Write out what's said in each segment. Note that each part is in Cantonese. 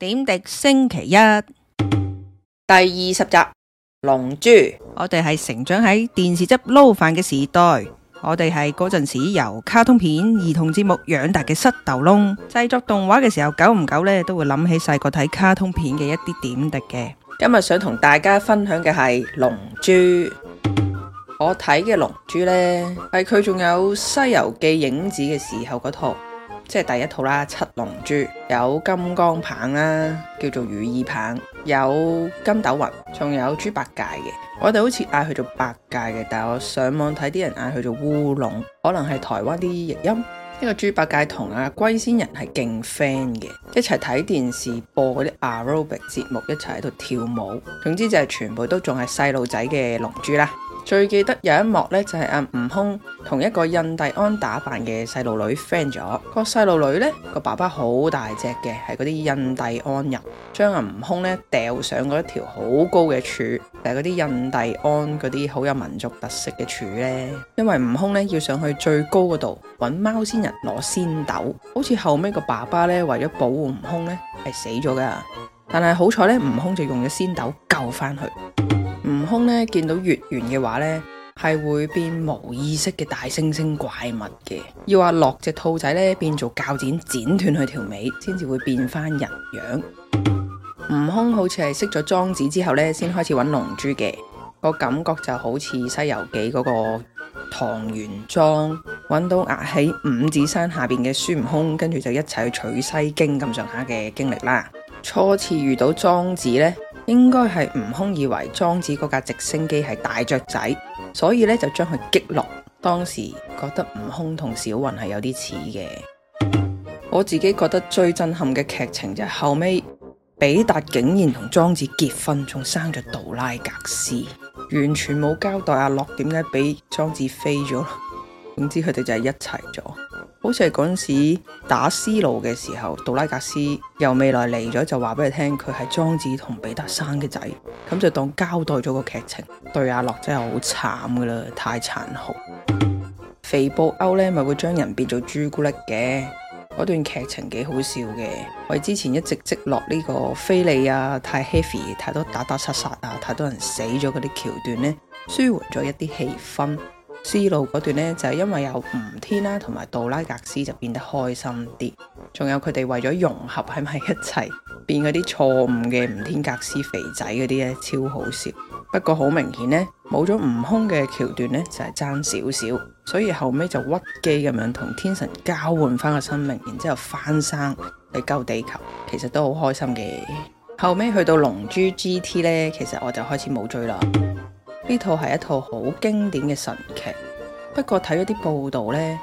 點滴星期一第二十集《龍珠》， 我哋係成長喺電視汁撈飯嘅時代，我哋係嗰陣時由卡通片、兒童節目養大嘅濕豆窿。製作動畫嘅時候，久唔久呢，都會諗起細個睇卡通片嘅一啲點滴嘅。今日想同大家分享嘅係《龍珠》，我睇嘅《龍珠》呢，係佢仲有《西遊記》影子嘅時候嗰套。即係第一套啦，七龍珠有金剛棒啦，叫做如意棒，有金斗雲，仲有豬八戒嘅。我哋好似嗌佢做八戒嘅，但係我上網睇啲人嗌佢做烏龍，可能係台灣啲譯音。呢、這個豬八戒同阿、啊、龜仙人係勁 friend 嘅，一齊睇電視播嗰啲 aerobic 節目，一齊喺度跳舞。總之就係全部都仲係細路仔嘅龍珠啦。最記得有一幕咧，就係阿悟空同一個印第安打扮嘅細路女 friend 咗。個細路女呢，個爸爸好大隻嘅，係嗰啲印第安人，將阿悟空呢掉上嗰一條好高嘅柱，係嗰啲印第安嗰啲好有民族特色嘅柱呢，因為悟空呢要上去最高嗰度揾貓仙人攞仙豆，好似後尾個爸爸呢，為咗保護悟空呢，係死咗噶，但係好彩呢，悟空就用咗仙豆救翻佢。悟空咧見到月圓嘅話咧，係會變無意識嘅大猩猩怪物嘅。要話落隻兔仔咧變做鉸剪，剪斷佢條尾，先至會變翻人樣。悟空好似係識咗莊子之後咧，先開始揾龍珠嘅。個感覺就好似《西遊記》嗰個唐玄奘揾到壓喺五指山下邊嘅孫悟空，跟住就一齊去取西經咁上下嘅經歷啦。初次遇到莊子咧。應該係悟空以為莊子嗰架直升機係大雀仔，所以咧就將佢擊落。當時覺得悟空同小雲係有啲似嘅。我自己覺得最震撼嘅劇情就係後尾比達竟然同莊子結婚，仲生咗杜拉格斯，完全冇交代阿樂點解俾莊子飛咗。總之佢哋就係一齊咗。好似係嗰陣時打斯路嘅時候，杜拉格斯由未來嚟咗就話俾佢聽佢係莊子同彼得生嘅仔，咁就當交代咗個劇情。對阿樂真係好慘噶啦，太殘酷。 肥布歐呢咪會將人變做朱古力嘅嗰段劇情幾好笑嘅，我之前一直積落呢個菲利啊太 heavy 太多打打殺殺啊太多人死咗嗰啲橋段呢，舒緩咗一啲氣氛。思路嗰段呢，就係因為有吳天啦，同埋杜拉格斯就變得開心啲。仲有佢哋為咗融合喺埋一齊，變嗰啲錯誤嘅吳天格斯肥仔嗰啲呢，超好笑。不過好明顯呢，冇咗悟空嘅橋段呢，就係爭少少。所以後尾就屈機咁樣同天神交換翻個生命，然之後翻生嚟救地球，其實都好開心嘅。後尾去到龍珠 GT 呢，其實我就開始冇追啦。呢套係一套好經典嘅神劇，不過睇咗啲報道呢，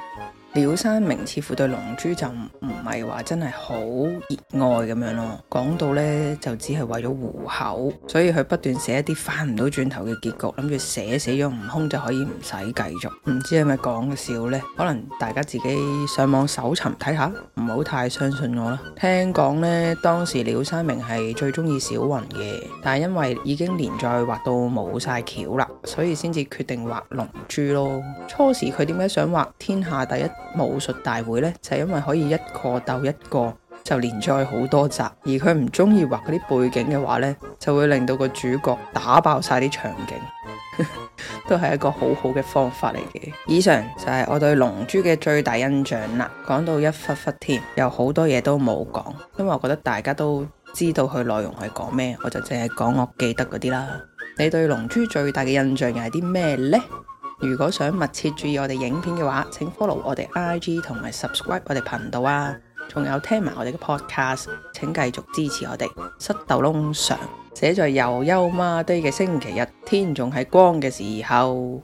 廖山明似乎對龍珠就唔係話真係好熱愛咁樣咯，講到呢，就只係為咗糊口，所以佢不斷寫一啲返唔到轉頭嘅結局，諗住寫死咗悟空就可以唔使繼續。唔知係咪講笑呢？可能大家自己上網搜尋睇下，唔好太相信我啦。聽講呢，當時廖山明係最中意小云嘅，但係因為已經連載畫到冇晒橋啦。所以先至決定畫龍珠咯。初時佢點解想畫天下第一武術大會呢？就係因為可以一個鬥一個，就連載好多集。而佢唔中意畫嗰啲背景嘅話呢，就會令到個主角打爆晒啲場景， 都係一個好好嘅方法嚟嘅。以上就係我對龍珠嘅最大印象啦。講到一忽忽添，有好多嘢都冇講，因為我覺得大家都知道佢內容係講咩，我就淨係講我記得嗰啲啦。你對龍珠最大嘅印象又係啲咩呢？如果想密切注意我哋影片嘅話，請 follow 我哋 IG 同埋 subscribe 我哋頻道啊！仲有聽埋我哋嘅 podcast，請繼續支持我哋。塞豆窿常寫在悠休媽堆嘅星期日，天仲係光嘅時候。